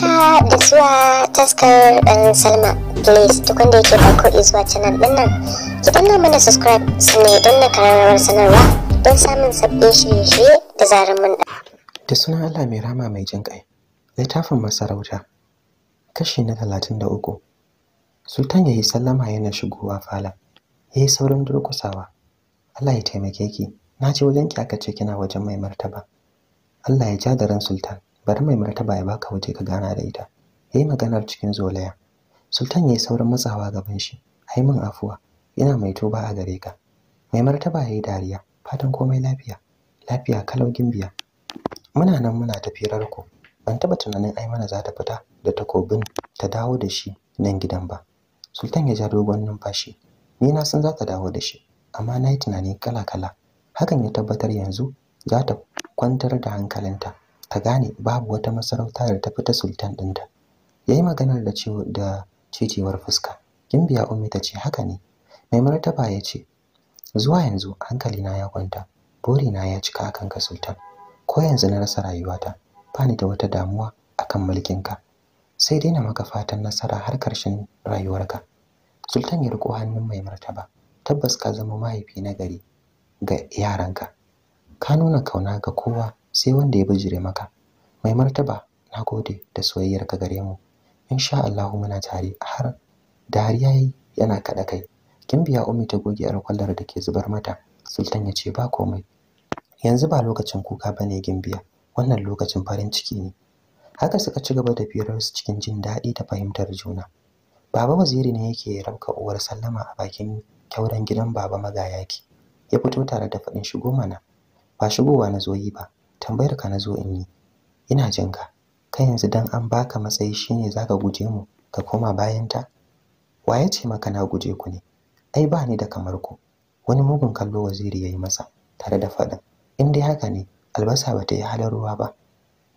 haka ah, da zuwa taskar ɗan um, salma please duk wanda yake farko izuwa canal ɗin nan ki danna mana subscribe sannan don na kararrawar sanarwa don samun sabbin shirye-shirye da zarar mun da da sunan allah mai rama mai jin ƙai littafin masarauta kashi na talatin da uku sultan ya yi sallama yana shigowa fala ya yi saurin durkusawa allah ya taimake ki na ce wajen ki aka ce kina wajen mai martaba allah ya ja da sultan bari mai martaba ya baka waje ka gana da ita yayi maganar cikin zolaya sultan ya yi saurin matsawa gaban shi ai min afuwa ina mai toba a gare ka mai martaba yayi dariya fatan komai lafiya lafiya kalau gimbiya muna nan muna tafirar ku ban taba tunanin ai mana za ta fita da takobin ta dawo da shi nan gidan ba sultan ya ja dogon numfashi ni na san za ta dawo da shi amma na yi tunani kala-kala hakan ya tabbatar yanzu za ta kwantar da hankalinta a gane babu wata masarauta da ta fita sultan ɗinta ya yi maganar da ciwo da cicewar fuska gimbiya ummi ta ce haka ne mai martaba ya ce zuwa yanzu hankali na ya kwanta Bori na ya cika akan ka sultan ko yanzu na rasa rayuwata ba ni da wata damuwa akan mulkinka sai dai na maka fatan nasara har karshen rayuwarka sultan ya riko hannun mai martaba tabbas ka zama mahaifi na gari ga yaranka ka nuna kauna ga kowa sai wanda ya bijire maka mai martaba na gode da soyayyar ka gare mu insha Allah muna tare har dariya yayi yana kada kai Kin biya ummi ta goge alƙwalar da ke zubar mata sultan ya ce ba komai yanzu ba lokacin kuka bane gimbiya wannan lokacin farin ciki ne haka suka ci gaba da su cikin jin daɗi da fahimtar juna baba waziri ne yake rabka uwar sallama a bakin kyauren gidan baba magayaki ya fito tare da faɗin shigo mana ba shigowa na zoyi ba tambayar ka nazo in yi ina jin ka kai yanzu dan an baka matsayi shine zaka guje mu ka koma bayan ta waye ce maka na guje ku ne ai ba ni da kamar ku wani mugun kallo waziri yayi masa tare da faɗin in dai haka ne albasa bata yi halar ruwa ba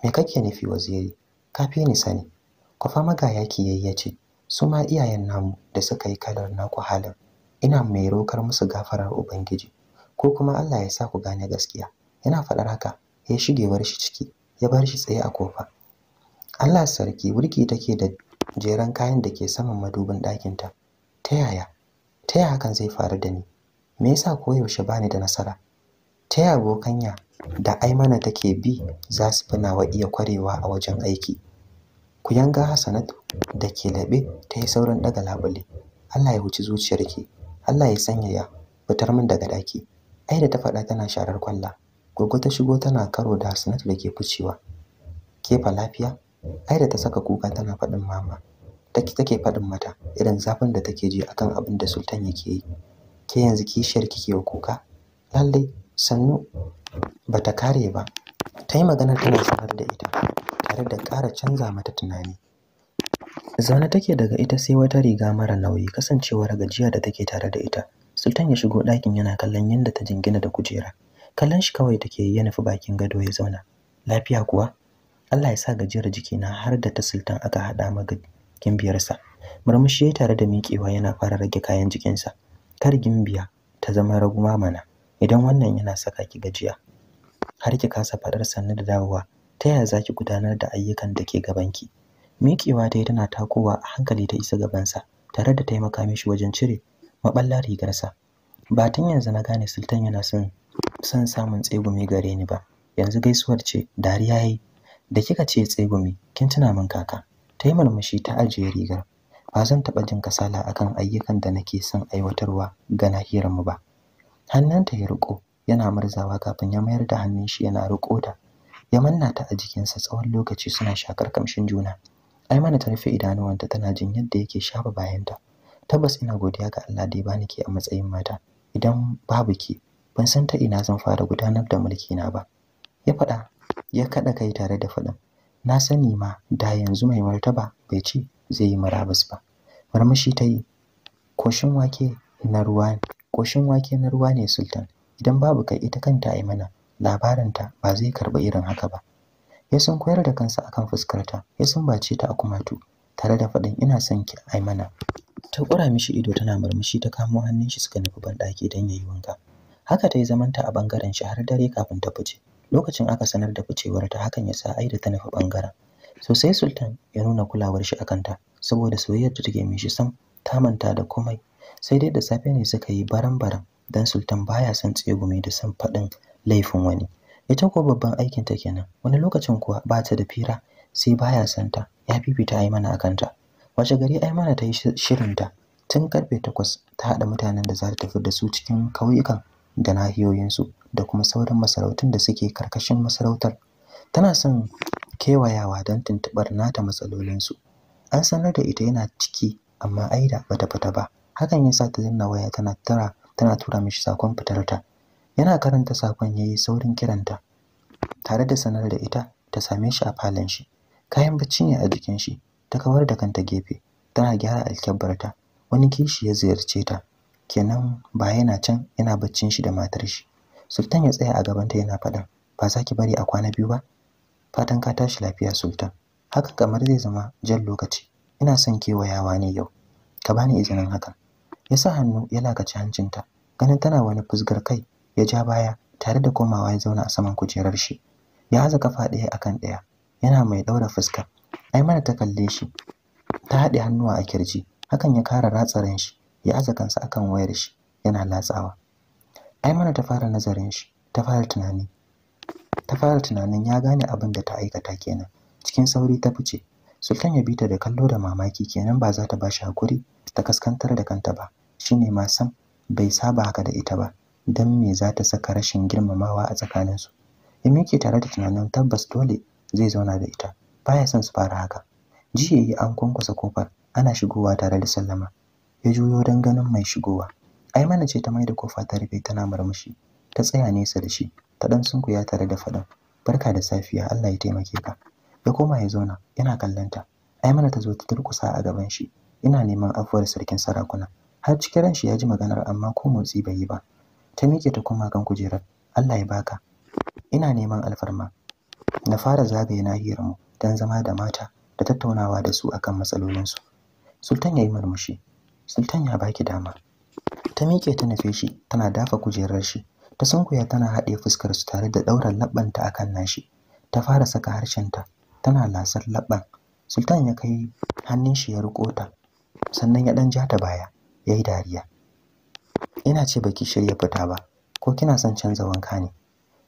me kake nufi waziri ka fi ni sani kwafa magayaki yayi yace su ma iyayen namu da suka yi kalar naku halin ina mai rokar musu gafarar ubangiji ko kuma Allah ya sa ku gane gaskiya Ina faɗar haka ya shige bar shi ciki ya bar shi tsaye a kofa Allah sarki wurki take da jeran kayan da ke saman madubin ɗakin ta yaya ta yaya hakan zai faru da ni me yasa koyaushe bani da nasara ta yaya bokanya da aimana take bi za su fi nawa iya kwarewa a wajen aiki ku yanga hasanat da ke laɓe ta yi saurin ɗaga labule allah ya huci zuciyarki allah ya sanyaya fitar min daga daki. ai da ta faɗa tana sharar kwalla Gogo ta shigo tana karo da Hassanatu da ke ficewa. Kefa lafiya? Ai da ta saka kuka tana faɗin mama. Take take faɗin mata irin zafin da take ji akan abin da Sultan yake yi. Ke yanzu kishiyar kike wa kuka? Lallai sannu bata kare ba. Ta yi magana tana sanar da ita tare da ƙara canza mata tunani. Zaune take daga ita sai wata riga mara nauyi kasancewa gajiya da take tare da ita. Sultan ya shigo ɗakin yana kallon yadda ta jingina da kujera. kallon shi kawai take yi ya nufi bakin gado ya zauna lafiya kuwa Allah ya sa gajiyar jiki na har da ta sultan aka haɗa maga gimbiyarsa murmushi ya tare da miƙewa yana fara rage kayan jikinsa kar gimbiya ta zama raguma mana idan wannan yana saka ki gajiya har ki kasa faɗar sannu da dawowa ta yaya zaki gudanar da ayyukan da ke gabanki miƙewa dai tana takowa a hankali ta isa gabansa tare da taimaka mishi wajen cire maballar rigarsa ba yanzu na gane sultan yana son San samun tsegumi gare ni ba yanzu gaisuwar ce dariya yayi da kika ce tsegumi kin tuna min kaka ta yi murmushi ta ajiye rigar ba zan taɓa jin kasala akan ayyukan da nake son aiwatarwa ga nahiyarmu ba hannunta ya riko yana murzawa kafin ya mayar da hannun shi yana riko ta ya manna ta a jikinsa tsawon lokaci suna shakar kamshin juna ai mana ta rufe idanuwanta tana jin yadda yake shafa bayanta tabbas ina godiya ga Allah da ya bani ke a matsayin mata idan babu ki ban san ta ina zan fara gudanar da mulki na ba ya faɗa ya kaɗa kai tare da faɗin na sani ma da yanzu mai martaba bai ce zai yi marabus ba marmashi ta yi koshin wake na ruwa koshin wake na ruwa ne sultan idan babu kai ita kanta ai mana labarinta ba zai karba irin haka ba ya san koyar da kansa akan fuskarta ya san bace ta a kumatu tare da faɗin ina son ki ai mana ta ƙura mishi ido tana murmushi ta kamo hannun shi suka nufi banɗaki don ya yi wanka haka ta yi zamanta a bangaren shi har dare kafin ta fice lokacin aka sanar da ficewar ta hakan ya sa ai da ta nufi bangaren sosai sultan ya nuna kulawar shi akan ta saboda soyayyar da take shi sam ta manta da komai sai dai da safe ne suka yi baran-baran dan sultan baya son tsegume da son faɗin laifin wani ita ko babban aikin ta kenan wani lokacin kuwa ba ta da fira sai baya son ta ya fifita ai mana akan ta Wace gari ai mana ta yi shirin ta tun karfe takwas ta haɗa mutanen da za ta tafi da su cikin kauyukan da nahiyoyinsu da kuma sauran masarautun da suke karkashin masarautar tana son kewayawa don tuntuɓar nata matsalolinsu an sanar da ita yana ciki amma aida bata fita ba hakan ya sa ta danna waya tana tara tana tura mishi sakon fitarta yana karanta sakon yi saurin kiranta tare da sanar da ita ta same shi a falon shi kayan bacci ne a jikin shi ta kawar da kanta gefe tana gyara alkyabbarta wani kishi ya ziyarce ta kenan ba yana can yana baccin shi da matar shi sultan ya tsaya a gabanta yana faɗan ba za ki bari a kwana biyu ba fatan ka tashi lafiya sultan haka kamar zai zama jan lokaci ina son kewayawa ne yau ka bani izinin hakan ya sa hannu ya lakaci hancinta ganin tana wani fusgar kai ya ja baya tare da komawa ya zauna a saman kujerar shi ya haza kafa ɗaya a kan ɗaya yana mai ɗaura fuska ai mana ta kalle shi ta haɗe hannuwa a kirji hakan ya kara ratsa ran shi ya aza kansa akan wayar shi yana latsawa Ai mana ta fara nazarin shi ta fara tunani ta fara tunanin ya gane abin da ta aikata kenan cikin sauri ta fice Sultan ya bi da kallo da mamaki kenan ba za ta shi hakuri ta kaskantar da kanta ba shine ma san bai saba haka da ita ba dan me za ta saka rashin girmamawa a tsakaninsu in miƙe tare da tunanin tabbas dole zai zauna da ita baya son su fara haka jiya yi an kwankwasa kofar ana shigowa tare da sallama ya juyo don ganin mai shigowa ai mana ce ta mai da kofa ta rufe tana murmushi ta tsaya nesa da shi ta dan sunkuya tare da faɗin barka da safiya Allah ya taimake ka ya koma ya zauna yana ta ai mana ta zo ta durkusa a gaban shi ina neman afuwar sarkin sarakuna har cikin ran shi ya ji maganar amma ko motsi bai yi ba ta miƙe ta koma kan kujerar Allah ya baka ina neman alfarma na fara zagaye nahiyarmu don zama da mata da tattaunawa da su akan matsalolinsu sultan ya yi murmushi sultan ya baki dama ta miƙe ta nufe shi tana dafa kujerar shi ta sunkuya tana haɗe fuskar su tare da ɗaurar labbanta akan nashi ta fara saka harshen ta, tana lasar labban sultan ya kai hannun shi ya riƙo ta sannan ya ɗan ja ta baya ya yi dariya ina ce baki shirya fita ba ko kina son canza wanka ne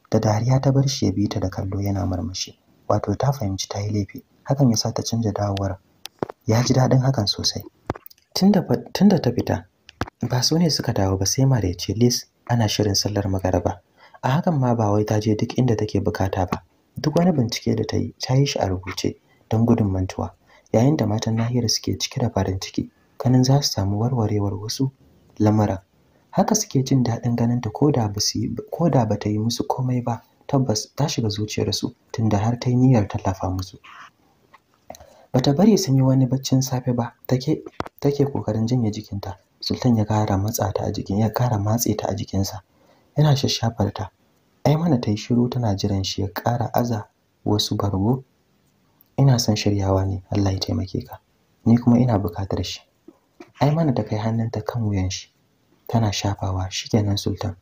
da dariya ta bar shi ya bi ta da kallo yana murmushi wato ta fahimci ta yi laifi hakan ya sa ta canja dawowar ya ji daɗin hakan sosai tunda ta fita ba su ne suka dawo ba sai Mara ya ce lis ana shirin sallar magaraba a hakan ma ba wai ta je duk inda take bukata ba duk wani bincike da ta yi ta yi shi a rubuce don gudun mantuwa yayin da matan nahiyar suke cike da farin ciki kanin za su samu warwarewar wasu lamara haka suke jin daɗin ganin ta ko da ba ta yi musu komai ba tabbas ta shiga zuciyarsu tunda har ta yi niyyar tallafa musu bata bari sun yi wani baccin safe ba take take kokarin janye jikinta sultan ya kara matsa ta a jikin ya kara matse ta a jikinsa yana shashafar ta ai mana ta yi shiru tana jiran shi ya kara aza wasu bargo ina son shiryawa ne Allah ya taimake ka ni kuma ina bukatar shi ai mana ta kai hannunta kan wuyan shi tana shafawa shikenan sultan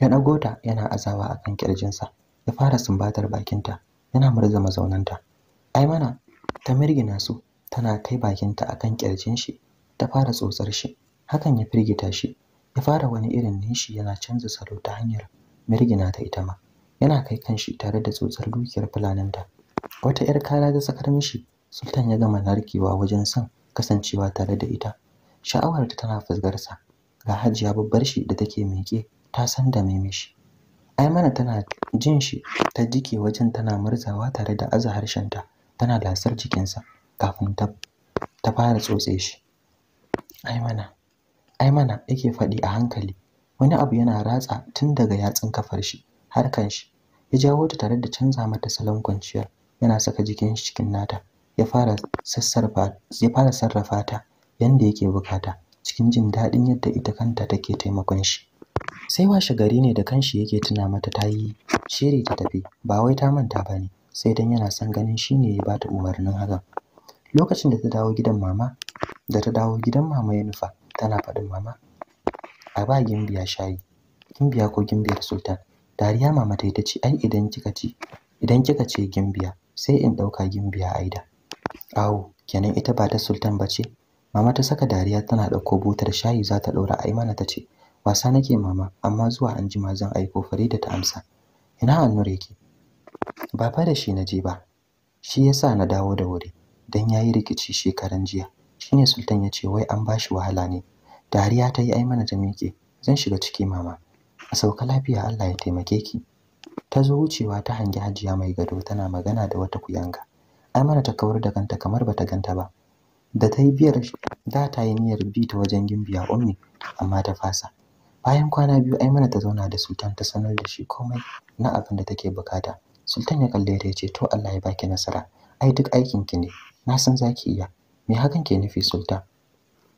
ya dago ta yana azawa akan kirjinsa ya fara sumbatar bakinta yana murza mazaunanta ai mana ta mirgina su tana kai bakinta akan kirjin shi ta fara tsotsar shi hakan ya firgita shi ya fara wani irin nishi yana canza salo ta hanyar mirgina ta ita ma yana kai kanshi tare da tsotsar dukiyar fulaninta wata yar kara ta sakar mishi sultan ya gama narkewa wajen son kasancewa tare da ita sha'awar ta tana fusgarsa ga hajiya babbar shi da take miƙe ta san da mai mishi ai mana tana jin shi ta jike wajen tana murzawa tare da aza ta, tana lasar jikinsa kafin ta ta fara tsotse shi ai mana ai mana yake faɗi a hankali wani abu yana ratsa tun daga yatsun kafar shi har kan shi ya jawo ta tare da canza mata salon kwanciyar yana saka jikin shi cikin nata ya fara sassarfa ya fara sarrafa ta yanda yake bukata cikin jin daɗin yadda ita kanta take taimakon shi sai washe gari ne da kanshi yake tuna mata ta yi shiri ta tafi ba wai ta manta ba ne sai dan yana son ganin shi ne ya bata umarnin hakan lokacin da ta dawo gidan mama da ta dawo gidan mama ya nufa tana faɗin mama a ba gimbiya shayi gimbiya ko gimbiyar sultan dariya mama ta ce ai idan kika ce idan kika ce gimbiya sai in ɗauka gimbiya aida awo kenan ita ba ta sultan ba ce mama ta saka dariya tana ɗauko butar shayi za ta ɗaura mana ta ce wasa nake mama amma zuwa an jima zan aiko da ta amsa ina annur yake ba fa da shi na je ba shi yasa na dawo da wuri Dan ya yi rikici shekaran jiya Shi ne sultan ya ce wai an ba shi wahala ne dariya ta yi ai mana ta miƙe zan shiga ciki mama a sauka lafiya allah ya taimake ki ta zo wucewa ta hangi hajiya mai gado tana magana da wata kuyanga ai mana ta kawar da kanta kamar ba ta ganta ba da ta yi biyar da ta yi niyyar bi ta wajen gimbiya ummi amma ta fasa bayan kwana biyu ai mana ta zauna da sultan ta sanar da shi komai na abin da take bukata sultan ya kalle ta ya ce to Allah ya baki nasara ai duk aikin ki ne na san zaki iya me hakan ke nufi sultan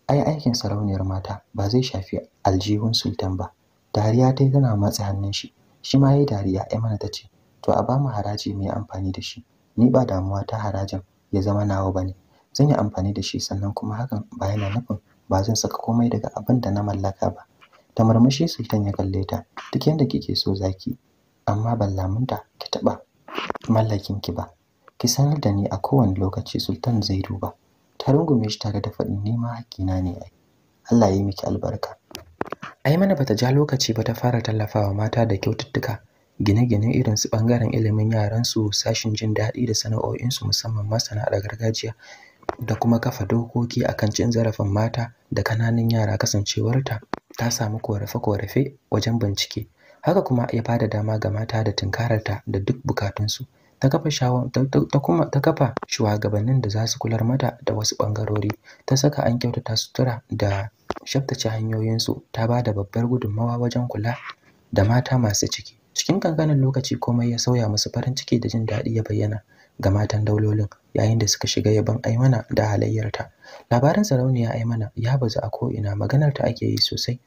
ai aikin sarauniyar mata ba zai shafi aljihun sultan ba dariya dai tana matsa hannun shi shi ma yayi dariya ai mana ce. to a bamu haraji mai amfani da shi ni ba damuwa ta harajin ya zama nawa bane zan yi amfani da shi sannan kuma hakan ba yana nufin ba zan saka komai daga abin da na mallaka ba ta murmushi sultan ya kalle ta duk yanda kike so zaki amma ban lamunta ki taɓa mallakin ki ba ki sanar da ni a kowane lokaci sultan zai duba ta rungume shi tare da faɗin nema hakkina ne ai Allah ya yi miki albarka ai mana bata ja lokaci ba ta fara tallafawa mata da kyaututtuka gine-gine irin su bangaren ilimin yaran su sashin jin daɗi da sana'o'in su musamman masana da gargajiya da kuma kafa dokoki akan cin zarafin mata da kananan yara kasancewarta ta samu korafe-korafe wajen bincike haka kuma ya bada dama ga mata da tunkararta da duk bukatunsu ta kafa ta shugabannin da za su kular mata da wasu bangarori ta saka an kyautata sutura da shaftace hanyoyinsu ta ba da babbar gudunmawa wajen kula da mata masu ciki cikin kankanin lokaci komai ya sauya musu farin ciki da jin daɗi ya bayyana ga matan daulolin yayin da suka shiga yaban aimana da halayyarta labarin sarauniya aimana ya bazu a ko'ina maganarta ake yi sosai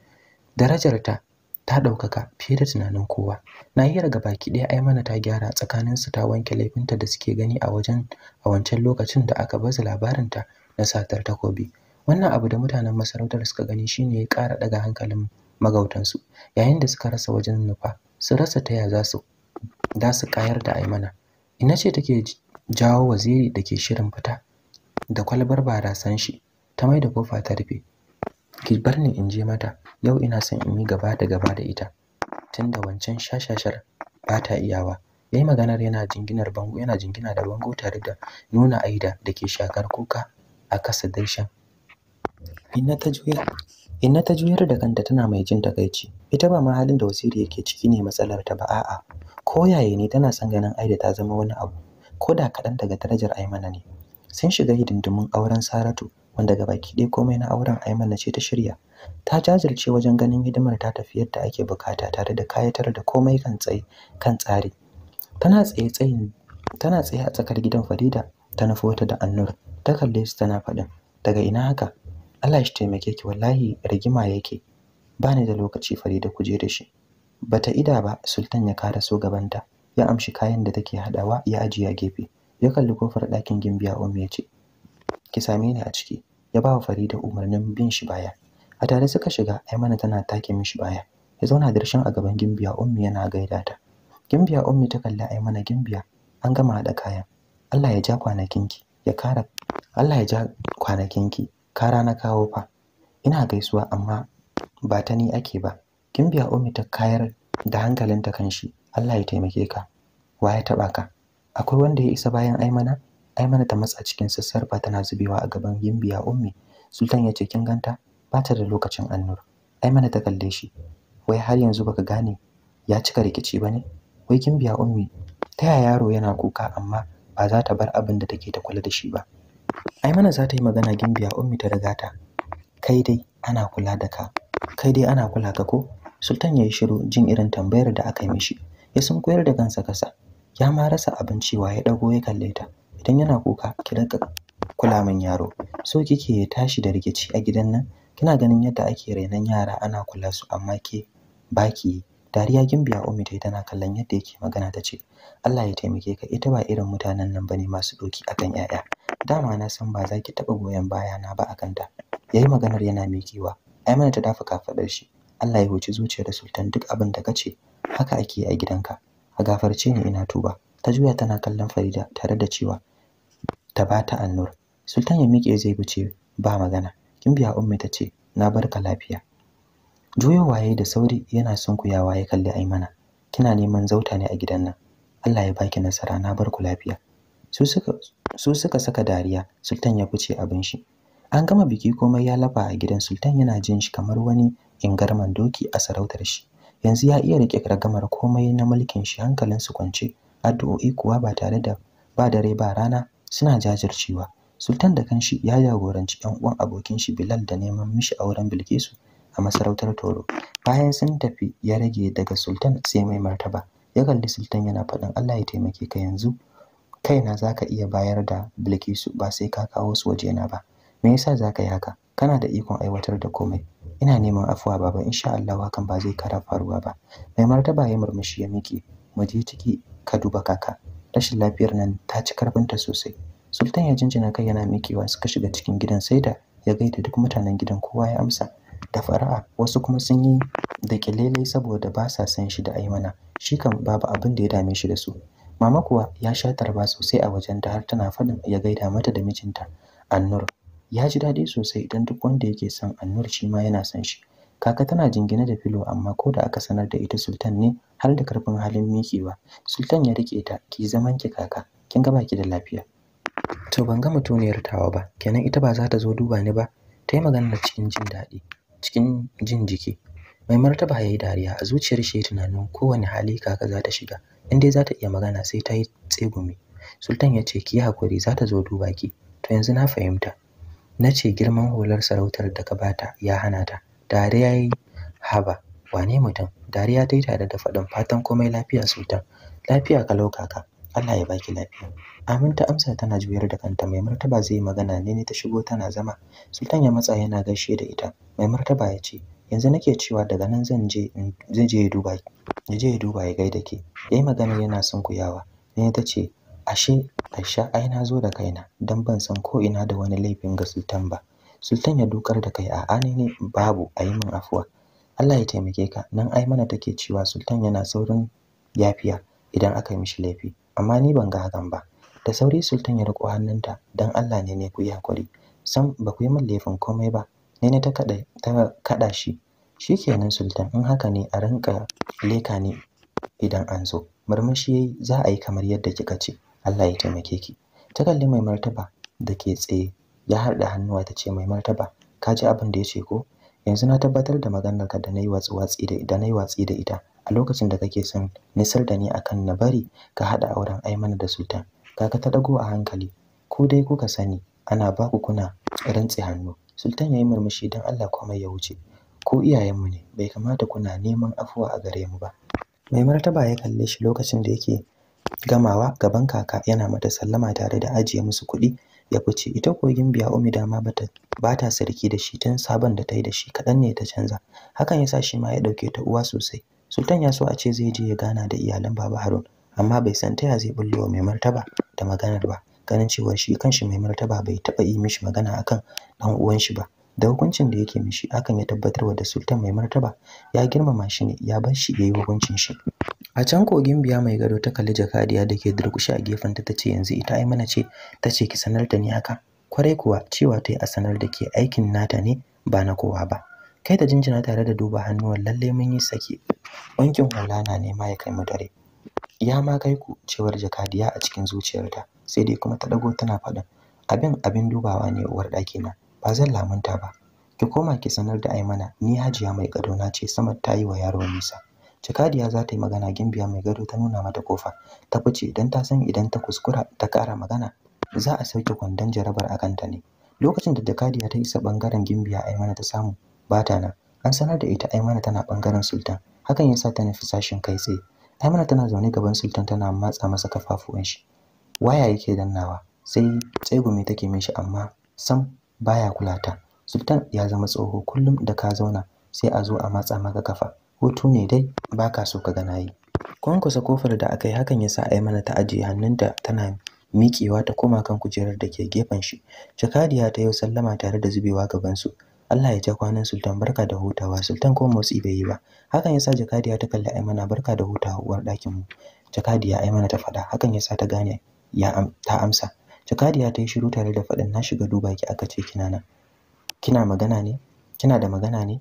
darajarta ta ɗaukaka fiye da tunanin kowa nahiyar baki ɗaya ai mana ta gyara tsakaninsu ta wanke laifinta da suke gani a wajen a wancan lokacin da aka baza labarinta na satar takobi wannan abu da mutanen masarautar suka gani shine ya ƙara ɗaga hankalin magautansu yayin da suka rasa wajen nufa su rasa taya za su da su kayar da aimana ina ce take jawo waziri da ke shirin fita da kwalbar barasan shi ta mai da kofa ta rufe ki bar ni in je mata yau ina son in yi gaba da gaba da ita tunda wancan shashashar ba ta iyawa yayi maganar yana jinginar bango yana jingina da bango tare da nuna aida da ke shakar kuka a kasa daishan inna ta juyar da kanta tana mai jin takaici ita ba ma halin da wasiri yake ciki ne matsalar ta ba a'a ko yaye ne tana son ganin aida ta zama wani abu ko da kaɗan daga darajar aimana ne sun shiga hidindimun auren Saratu wanda ga baki ɗaya komai na auren na ce ta shirya. Ta jajirce wajen ganin hidimar ta tafi yadda ake bukata tare da kayatar da komai kan tsaye kan tsari. Tana tsaye tsayin tana tsaye a tsakar gidan Farida ta nufo ta da Annur ta kalle su tana faɗin daga ina haka Allah shi taimake ki wallahi rigima yake bani da lokaci Farida ku je da shi bata ida ba Sultan ya kara so gabanta ya amshi kayan da take hadawa ya ajiye a gefe ya kalli kofar ɗakin gimbiya ummi ya ce ki same ni a ciki ya ba wa farida umarnin bin shi baya a tare suka shiga aimana tana take mishi baya ya zauna dirshin a gaban gimbiya ummi yana gaida ta gimbiya ummi ta kalli aimana gimbiya an gama haɗa kayan allah ya ja kwanakinki ya kara allah ya ja kwanakinki kara na kawo fa ina gaisuwa amma ba ta ni ake ba gimbiya ummi ta kayar da hankalinta kan shi allah ya taimake ka wa ya taɓa ka akwai wanda ya isa bayan aimana aimana ta matsa cikin sassarfa tana zubewa a gaban gimbiya ummi sultan ya ce kin ganta ba ta da lokacin annur aimana ta kalle shi wai har yanzu baka gane ya cika rikici ba ne wai gimbiya ummi ta yaya yaro yana kuka amma ba za ta bar abin da take ta kula da shi ba aimana za ta yi magana gimbiya ummi ta riga ta kai dai ana kula da ka kai dai ana kula ka ko sultan ya yi shiru jin irin tambayar da aka yi mishi ya sun koyar da kansa kasa ya ma rasa abinci, cewa ya dago ya kalle ta idan yana kuka ki rika kula min yaro so kike ya tashi da rikici a gidan nan kina ganin yadda ake rainon yara ana kula su amma ke baki dariya gimbiya umi yi tana kallon yadda yake magana ta ce Allah ya taimake ka ita ba irin mutanen nan ba ne masu doki akan yaya dama na san ba za ki taba goyon baya na ba akan ta yayi maganar yana mikewa ai mana ta dafa kafadar shi Allah ya huci zuciyar sultan duk abin da kace haka ake a gidanka a gafarce ni ina tuba ta juya tana kallon Farida tare da cewa ta bata annur sultan ya miƙe zai buce ba magana Kin biya ummi ta ce na barka lafiya juyo waye da sauri yana sunkuyawa ya kalli aimana kina neman zauta ne a gidan nan Allah ya baki nasara na barku lafiya su suka su suka saka dariya sultan ya fice abin shi an gama biki komai ya lafa a gidan sultan yana jin shi kamar wani ingarman doki a sarautar shi yanzu ya iya rike ragamar komai na mulkin shi hankalin su kwance addu'o'i kuwa ba tare da ba dare ba rana suna jajircewa sultan da kanshi ya jagoranci yan uwan abokin shi Bilal da neman mishi auren Bilkisu a masarautar Toro bayan sun tafi ya rage daga sultan sai mai martaba ya kalli sultan yana faɗin Allah ya taimake ka yanzu kaina zaka iya bayar da Bilkisu ba sai ka kawo su wajena ba me yasa zaka yi haka kana da ikon aiwatar da komai ina neman afuwa baba insha Allah hakan ba zai kara faruwa ba mai martaba ya murmushi ya miƙe mu je ciki ka duba kaka rashin lafiyar nan ta ci karfinta sosai sultan ya jinjina kai yana miƙewa suka shiga cikin gidan sai da ya gaida duk mutanen gidan kowa ya amsa da fara'a wasu kuma sun yi da kilelai saboda ba sa san shi da aimana shi kan babu abin da ya dame shi da su mama kuwa ya sha tarba sosai a wajen da har tana faɗin ya gaida mata da mijinta annur ya ji daɗi sosai idan duk wanda yake son annur shi ma yana son shi kaka tana jingine da filo amma ko da aka sanar da ita sultan ne har da karfin halin mikewa sultan ya rike ta ki zaman ki kaka kin ga baki da lafiya to ban ga mutuniyar tawa ba kenan ita ba za ta zo duba ni ba ta yi magana cikin jin daɗi cikin jin jiki mai martaba ya yi dariya a zuciyar shi tunanin kowane hali kaka za ta shiga in dai za ta iya magana sai ta yi tsegumi sultan ya ce ki yi hakuri za ta zo duba ki to yanzu na fahimta na ce girman hular sarautar da ka bata ya hana ta dariya haba wane mutum dariya ta yi tare da faɗin fatan komai lafiya sultan lafiya ka lauka ka. allah ya baki lafiya Aminta amsa tana juyar da kanta mai martaba zai yi magana ne ta shigo tana zama sultan ya matsa yana gaishe da ita mai martaba ya ce yanzu nake cewa daga nan zan je zai je ya duba ya je ya duba ya gaida ke yayi magana yana sunkuyawa ne ta ce ashe Aisha ai na zo da kaina dan ban san ko ina da wani laifin ga Sultan ba Sultan ya dukar da kai a'a ne ne babu ayi min afuwa Allah ya taimake ka nan ai mana take cewa Sultan yana saurin yafiya idan aka yi mishi laifi amma ni ban ga hakan ba da sauri Sultan ya riko hannunta dan Allah ne ne ku yi hakuri sam ba ku yi min laifin komai ba ne ne ta kada ta kada shi shikenan Sultan in haka ne a rinka leka ne idan an zo murmushi yayi za a yi kamar yadda kika ce Allah ya taimake ki ta kalli mai martaba da ke tsaye ya harda hannuwa ta ce mai martaba ka ji abin da ya ce ko yanzu na tabbatar da maganar ka da nayi watsi watsi da da nayi watsi da ita a lokacin da kake son nisar da ni akan na bari ka hada auren Aimana da Sultan kaga ta dago a hankali ko dai kuka sani ana ba ku kuna rantsi hannu Sultan yayi murmushi dan Allah komai ya wuce ko iyayenmu ne bai kamata kuna neman afuwa a gare mu ba mai martaba ya kalle shi lokacin da yake gamawa gaban kaka yana mata sallama tare da ajiye musu kuɗi ya fice ita kogin biya umi dama bata bata sarki da shi tun sabon da ta yi da shi kaɗan ne ta canza hakan yasa shi ma ya ɗauke ta uwa sosai sultan ya so a ce zai je ya gana da iyalan baba harun amma bai san taya zai bullo mai martaba da maganar ba ganin cewa shi kanshi mai martaba bai taɓa yi mishi magana akan ɗan uwan shi ba da hukuncin da yake mishi akan ya tabbatar wa da sultan mai martaba ya girmama shi ne ya bar shi ya yi hukuncin shi a can kogin biya mai gado ta kalli jakadiya da ke durkushe a gefenta ta ce yanzu ita ai mana ce ta ce ki sanar da ni haka kwarai kuwa cewa ta yi a sanar da ke aikin nata ne ba na kowa ba kai ta jinjina tare da duba hannuwan lalle mun yi sake wankin hula na nema ya kai mu dare ya ma kai ku cewar jakadiya a cikin zuciyarta sai dai kuma ta dago tana faɗin abin abin dubawa ne uwar ɗaki na ba zan lamunta ba ki koma ki sanar da aimana ni hajiya mai gado na ce sama ta yi wa yaro nisa Jakadiya za ta yi magana gimbiya mai gado ta nuna mata kofa. Ta fice don ta san idan ta kuskura ta ƙara magana za a sauke kwandon jarabar a kanta ne. Lokacin da Jakadiya ta isa ɓangaren gimbiya Aimana ta samu ba ta nan. An sanar da ita Aimana tana bangaren Sultan. Hakan ya sa ta nufi sashin kai tsaye. Aimana tana zaune gaban Sultan tana matsa masa kafafuwan shi. Waya yake dannawa sai tsegumi take shi, amma sam baya kulata Sultan ya zama tsoho kullum da ka zauna sai a zo a matsa maka kafa. hutu ne dai ba ka so ka ga kun kusa kofar da aka yi hakan ya sa mana ta ajiye hannunta tana miƙewa ta koma kan kujerar da ke gefen shi jakadiya ta yau sallama tare da zubewa gabansu Allah ya ja kwanan Sultan barka da hutawa Sultan ko motsi bai yi ba hakan ya sa jakadiya ta kalli Aimana barka da hutawa uwar ɗakin mu jakadiya Aimana ta faɗa hakan ya sa ta gane ya ta amsa jakadiya ta yi shiru tare da faɗin na shiga duba ki aka ce kina nan kina magana ne kina da magana ne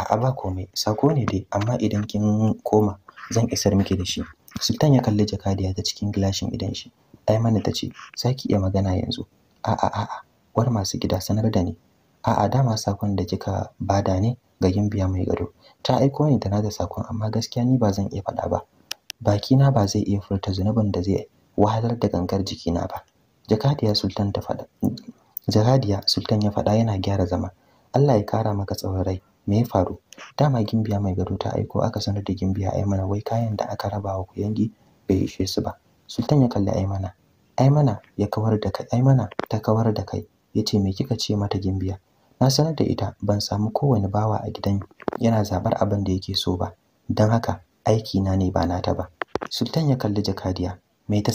a'a ba komai sako ne dai amma idan kin koma zan isar miki da shi sultan ya kalli jakadiya ta cikin gilashin idan shi ai mana ta ce saki iya magana yanzu a'a a'a war masu gida sanar da ni a'a dama sakon da kika bada ne ga gimbiya mai gado ta aiko ni tana da sakon amma gaskiya ni ba zan iya faɗa ba bakina ba zai iya furta zunubin da zai wahalar da gangar jikina ba jakadiya sultan ta faɗa jakadiya sultan ya faɗa yana gyara zama Allah ya kara maka tsawon rai me ya faru dama gimbiya mai gado ta aiko aka sanar da gimbiya aimana wai kayan da aka raba wa kuyangi bai ishe su ba sultan ya kalli aimana aimana ya kawar da kai aimana ta kawar da kai yace me kika ce mata gimbiya na sanar da ita ban samu kowane bawa a gidan yana zabar abin da yake so ba don haka aiki na ne ba nata ba sultan ya kalli jakadiya mai ta